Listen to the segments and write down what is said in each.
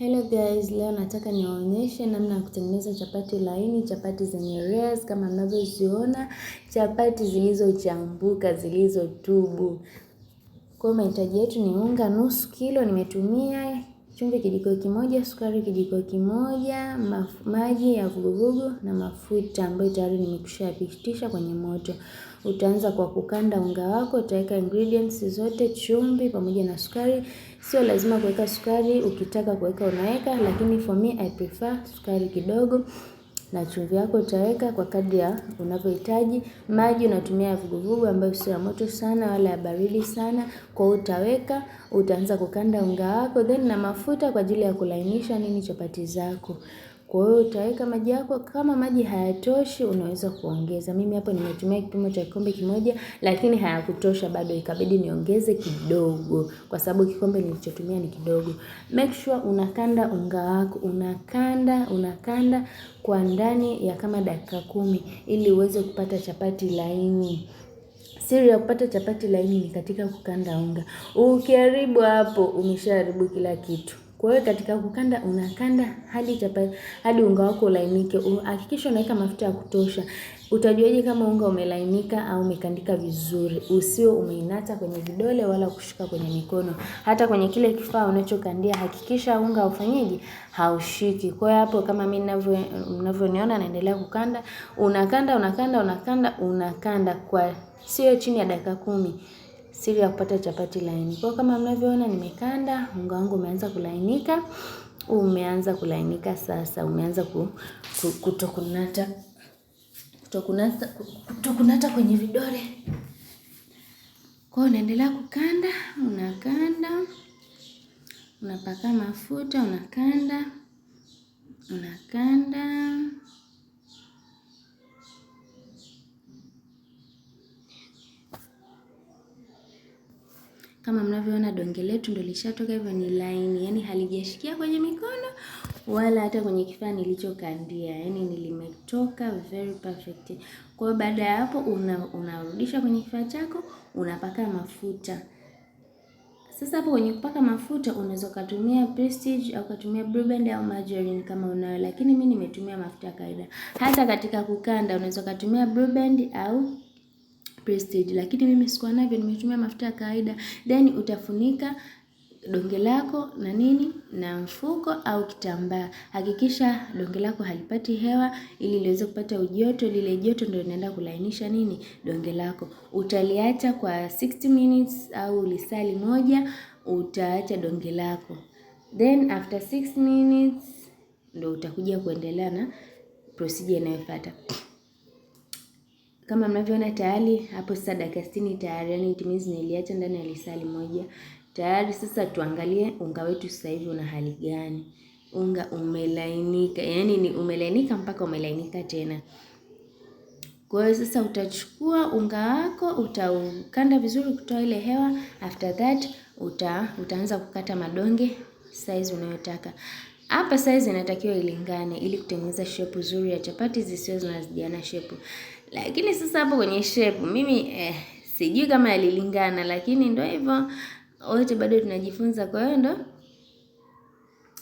Hello guys, leo nataka niwaonyeshe namna ya kutengeneza chapati laini, chapati zenye layers kama mnavyoziona, chapati zilizochambuka, zilizotubu. Kwa mahitaji yetu ni unga nusu kilo nimetumia, chumvi kijiko kimoja, sukari kijiko kimoja, maji ya vuguvugu na mafuta ambayo tayari yapitisha kwenye moto. Utaanza kwa kukanda unga wako, utaweka ingredients zote, chumvi pamoja na sukari. Sio lazima kuweka sukari, ukitaka kuweka unaweka, lakini for me I prefer sukari kidogo na chumvi yako utaweka kwa kadri ya unavyohitaji. Maji unatumia ya vuguvugu ambayo sio ya moto sana wala ya baridi sana. Kwa hiyo utaweka, utaanza kukanda unga wako then na mafuta kwa ajili ya kulainisha nini chapati zako. Kwa hiyo utaweka maji yako, kama maji hayatoshi unaweza kuongeza. Mimi hapo nimetumia kipimo cha kikombe kimoja, lakini hayakutosha bado, ikabidi niongeze kidogo, kwa sababu kikombe nilichotumia ni kidogo. Make sure unakanda unga wako, unakanda unakanda kwa ndani ya kama dakika kumi, ili uweze kupata chapati laini. Siri ya kupata chapati laini ni katika kukanda unga. Ukiharibu hapo, umeshaharibu kila kitu. Kwa hiyo katika kukanda unakanda hadi chapati hadi unga wako ulainike. Hakikisha unaweka mafuta ya kutosha. Utajuaje kama unga umelainika au umekandika vizuri? Usio umeinata kwenye vidole wala kushika kwenye mikono. Hata kwenye kile kifaa unachokandia hakikisha unga ufanyeje? Haushiki. Kwa hiyo hapo kama mimi ninavyo mnavyoniona naendelea kukanda, unakanda unakanda unakanda unakanda kwa sio chini ya dakika kumi siri ya kupata chapati laini. Kwa kama mnavyoona nimekanda, unga wangu umeanza kulainika. Umeanza kulainika sasa, umeanza ku, ku, kutokunata kutokunata kutokunata kwenye vidole. Kwa unaendelea kukanda, unakanda, unapaka mafuta, unakanda, unakanda Kama mnavyoona donge letu ndo lishatoka, hivyo ni laini, yani halijashikia kwenye mikono wala hata kwenye kifaa nilichokandia, yani nilimetoka very perfect. Kwa hiyo baada ya hapo una, unarudisha kwenye kifaa chako unapaka mafuta. Sasa hapo kwenye kupaka mafuta unaweza ukatumia Prestige au ukatumia Blueband au Margarine kama unayo, lakini mi nimetumia mafuta kawaida. Hata katika kukanda unaweza ukatumia Blueband au Prestige, lakini mimi sikuwa navyo, nimetumia mafuta ya kawaida. Then utafunika donge lako na nini na mfuko au kitambaa. Hakikisha donge lako halipati hewa ili liweze kupata ujoto. Lile joto ndio linaenda kulainisha nini donge lako. Utaliacha kwa 60 minutes au lisali moja, utaacha donge lako, then after 6 minutes ndio utakuja kuendelea na procedure inayofuata. Kama mnavyoona tayari hapo sasa dakika 60 tayari, yani it means niliacha ndani ya lisali moja tayari. Sasa tuangalie unga wetu sasa hivi una hali gani. Unga umelainika, yani ni umelainika mpaka umelainika tena. Kwa hiyo sasa utachukua unga wako utaukanda vizuri kutoa ile hewa. After that uta, utaanza kukata madonge size unayotaka. Hapa size inatakiwa ilingane ili kutengeneza shape nzuri ya chapati zisizo zinazidiana shape. Lakini sasa hapo kwenye shape mimi eh, sijui kama yalilingana, lakini ndio hivyo, wote bado tunajifunza. Kwa hiyo ndo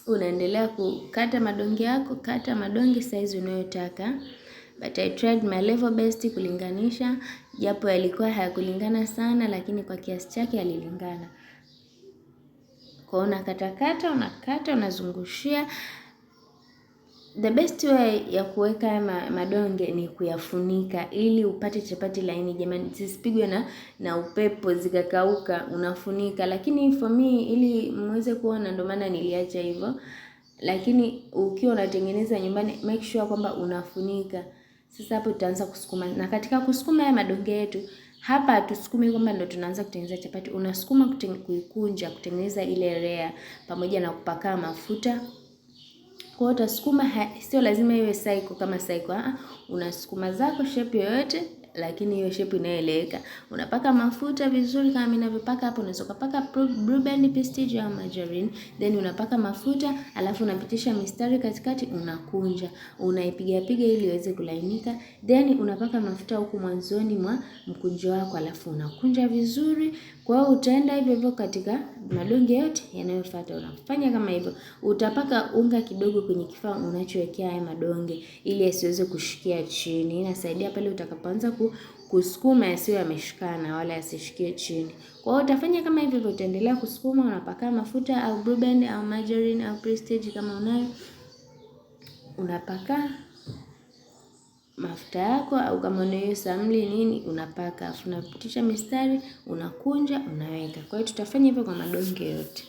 unaendelea kukata madonge yako, kata madonge size unayotaka. But I tried my level best kulinganisha, japo yalikuwa hayakulingana sana, lakini kwa kiasi chake yalilingana. Kwa unakatakata, unakata, unazungushia the best way ya kuweka ma, madonge ni kuyafunika ili upate chapati laini. Jamani, zisipigwe na na upepo zikakauka, unafunika. Lakini for me ili muweze kuona, ndio maana niliacha hivyo. Lakini ukiwa unatengeneza nyumbani, make sure kwamba unafunika. Sasa hapo tutaanza kusukuma, na katika kusukuma haya madonge yetu hapa tusukume kwamba ndo tunaanza kutengeneza chapati. Unasukuma kuikunja, kutengeneza ile rea, pamoja na kupaka mafuta kwa hiyo utasukuma, sio lazima iwe cycle kama cycle. Ah, ah, unasukuma zako shape yoyote lakini hiyo shape inayoeleweka. Unapaka mafuta vizuri kama ninavyopaka hapo, unaweza kupaka Blue Band Prestige au margarine, then unapaka mafuta alafu unapitisha mistari katikati, unakunja, unaipiga piga ili iweze kulainika, then unapaka mafuta huku mwanzoni mwa mkunjo wako, alafu unakunja vizuri. Kwa hiyo utaenda hivyo hivyo katika madonge yote yanayofuata, unafanya kama hivyo. Utapaka unga kidogo kwenye kifaa unachowekea haya madonge ili yasiweze kushikia chini. Inasaidia pale utakapoanza ku kusukuma yasiyo yameshikana wala yasishikie chini. Kwa hiyo utafanya kama hivyo, utaendelea kusukuma, unapaka mafuta au Blueband au margarine au Prestige kama unayo, unapaka mafuta yako au kama unayo samli nini, unapaka afu unapitisha mistari, unakunja, unaweka. Kwa hiyo tutafanya hivyo kwa madonge yote.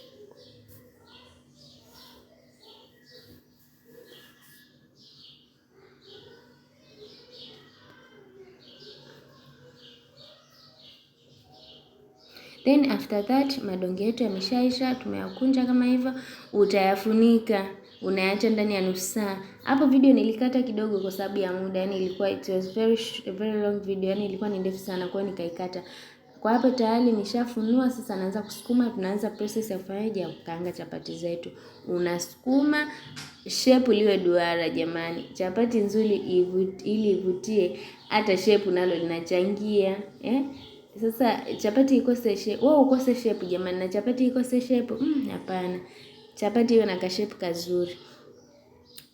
Then after that madonge yetu yameshaisha, tumeyakunja kama hivyo, utayafunika unaacha ndani ya nusu saa. Hapo video nilikata kidogo kwa sababu ya muda, yani ilikuwa it was very very long video, yani ilikuwa ni ndefu sana, kwa nikaikata. Kwa hapo tayari nishafunua sasa, naanza kusukuma. Tunaanza process ya kufanyaje, ya kukaanga chapati zetu. Unasukuma shape liwe duara, jamani, chapati nzuri ili ivutie, hata shape nalo linachangia eh. Sasa chapati iko shape, wewe ukose shape jamani, na chapati ikose shape mm, hapana. Chapati iwe na kashape kazuri,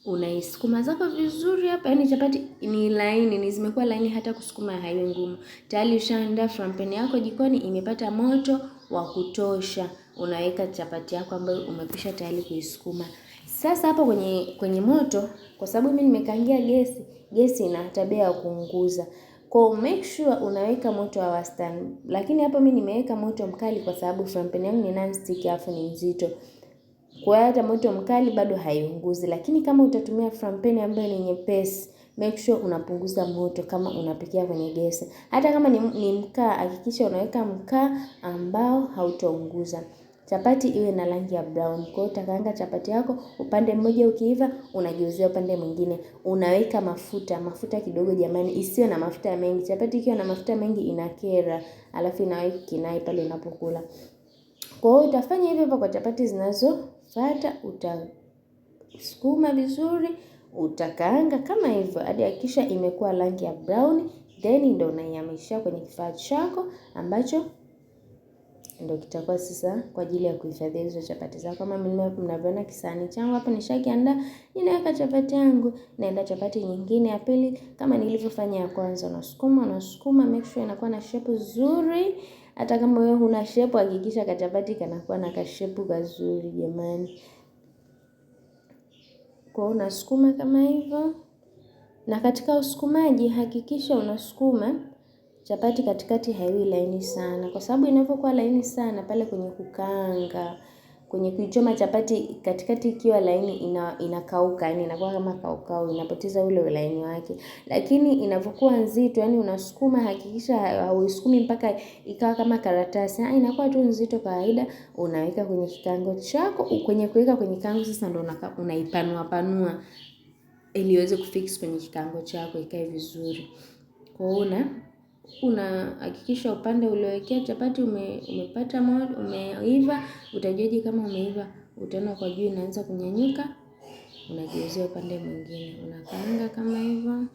unaisukuma zako vizuri hapa. Yani chapati ni laini, ni zimekuwa laini, hata kusukuma haiwe ngumu. Tayari ushaandaa frampen yako jikoni, imepata moto wa kutosha. Unaweka chapati yako ambayo umekwisha tayari kuisukuma. Sasa hapo kwenye kwenye moto, kwa sababu mimi nimekangia gesi, gesi ina tabia ya kuunguza. Kwa make sure unaweka moto wa wastani. Lakini hapa mimi nimeweka moto mkali kwa sababu frying pan yangu ni non-stick alafu ni nzito. Kwa hata moto mkali bado haiunguzi. Lakini kama utatumia frying pan ambayo ni nyepesi, make sure unapunguza moto kama unapikia kwenye gesi. Hata kama ni mkaa hakikisha unaweka mkaa ambao hautaunguza chapati iwe na rangi ya brown. Kwa hiyo utakaanga chapati yako upande mmoja ukiiva, unageuzia upande mwingine, unaweka mafuta mafuta kidogo jamani, isiwe na mafuta mengi. Chapati ikiwa na mafuta mengi inakera, alafu inaweka kinai pale unapokula. Kwa hiyo utafanya hivyo hivyo kwa chapati zinazofuata, utasukuma vizuri, utakaanga kama hivyo hadi hakikisha imekuwa rangi ya brown, then ndio unaihamishia kwenye kifaa chako ambacho ndio kitakuwa sasa kwa ajili ya kuhifadhi hizo chapati zako. Kama mnavyoona kisahani changu hapo, nishakiandaa, ninaweka chapati yangu, naenda chapati nyingine ya pili kama nilivyofanya ya kwanza, unasukuma unasukuma, make sure inakuwa na shape nzuri. Hata kama wewe huna shape, hakikisha kachapati kanakuwa na kashepu kazuri jamani. Kwa unasukuma kama hivyo, na katika usukumaji hakikisha unasukuma chapati katikati haiwi laini sana, kwa sababu inavyokuwa laini sana pale kwenye kukaanga, kwenye kuichoma chapati katikati ikiwa laini ina, inakauka, yani inakuwa kama kaukau, inapoteza ule ulaini wake. Lakini inavyokuwa nzito, yani unasukuma, hakikisha hauisukumi mpaka ikawa kama karatasi, ha, ah, inakuwa tu nzito kawaida, unaweka kwenye kikango chako, kwenye kuweka kwenye kikaango sasa ndo unaipanua panua ili iweze kufix kwenye kikango chako ikae vizuri. Kwa una unahakikisha upande uliowekea chapati ume, umepata moto, umeiva. Utajuaje kama umeiva? Utaona kwa juu inaanza kunyanyuka, unageuzia upande mwingine, unakaanga kama hivyo,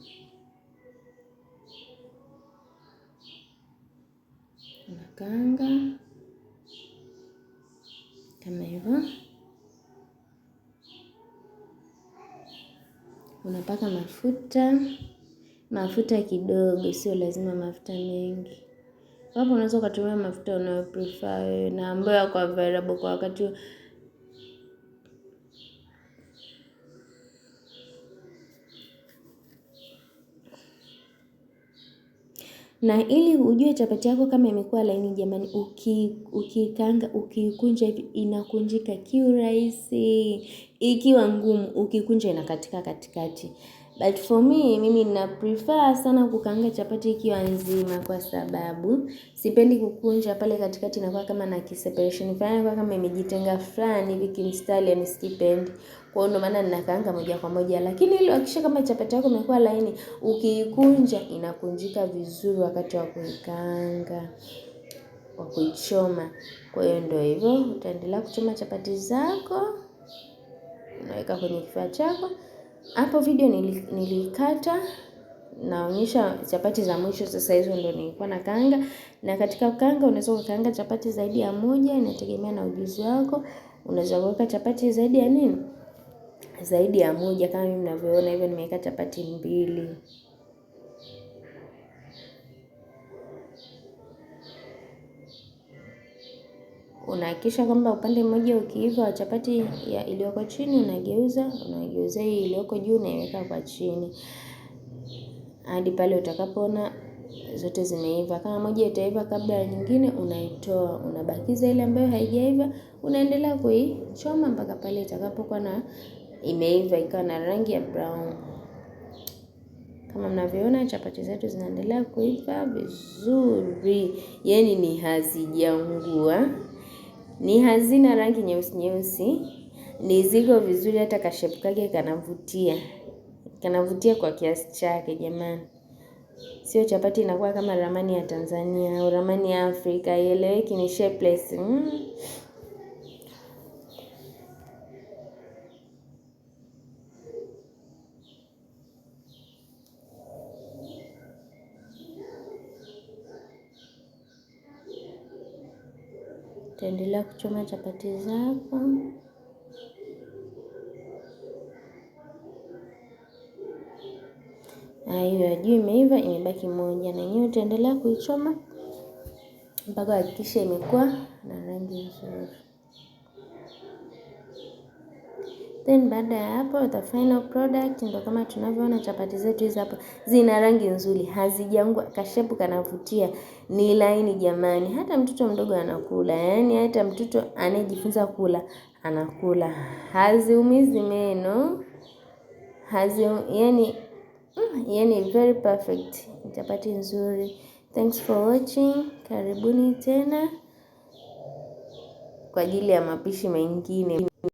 unakaanga kama hivyo, unapaka mafuta mafuta kidogo, sio lazima mafuta mengi. Hapo unaweza ukatumia mafuta unayo prefer wewe na ambayo yako available kwa wakati huo. Na ili ujue chapati yako kama imekuwa laini jamani, uki ukikunja hivi inakunjika kiurahisi. Ikiwa ngumu ukikunja inakatika katikati. But for me, mimi nina prefer sana kukaanga chapati ikiwa nzima kwa sababu. Sipendi kukunja pale katikati inakuwa kama na kiseparation. Fulani inakuwa kama imejitenga fulani hivi kimstyle yaani sikipendi. Kwa hiyo ndio maana ninakaanga moja kwa moja. Lakini ili uhakikishe kama chapati yako imekuwa laini, ukiikunja inakunjika vizuri wakati wa kuikaanga, wa kuichoma. Kwa hiyo ndio hivyo, utaendelea kuchoma chapati zako, unaweka kwenye kifaa chako. Hapo video nilikata naonyesha chapati za mwisho. Sasa hizo ndo nilikuwa na kanga na katika kanga unaweza kukaanga chapati zaidi ya moja, inategemea na ujuzi wako. Unaweza kuweka chapati zaidi ya nini, zaidi ya moja, kama mimi ninavyoona hivyo. Nimeweka chapati mbili. unahakikisha kwamba upande mmoja ukiiva wa chapati ya iliyoko chini unageuza, unageuza hii iliyoko juu unaiweka kwa chini hadi pale utakapoona zote zimeiva. Kama moja itaiva kabla ya nyingine, unaitoa unabakiza ile ambayo haijaiva, unaendelea kuichoma mpaka pale itakapokuwa na imeiva ikawa na rangi ya brown. Kama mnavyoona chapati zetu zinaendelea kuiva vizuri, yani ni hazijaungua. Ni hazina rangi nyeusi nyeusi, ni ziko vizuri, hata kashepu kake kanavutia, kanavutia kwa kiasi chake. Jamani, sio chapati inakuwa kama ramani ya Tanzania au ramani ya Afrika, ieleweki ni shapeless mm. Utaendelea kuchoma chapati zako. Hiyo ya juu imeiva, imebaki moja, na yenyewe utaendelea kuichoma mpaka hakikisha imekuwa na rangi nzuri. Then baada ya hapo the final product ndo kama tunavyoona chapati zetu hizi hapa, zina rangi nzuri, hazijangwa, kashepu kanavutia, ni laini jamani, hata mtoto mdogo anakula. Yaani hata mtoto anayejifunza kula anakula, haziumizi meno, hazi yani mm, yani very perfect chapati nzuri. Thanks for watching, karibuni tena kwa ajili ya mapishi mengine.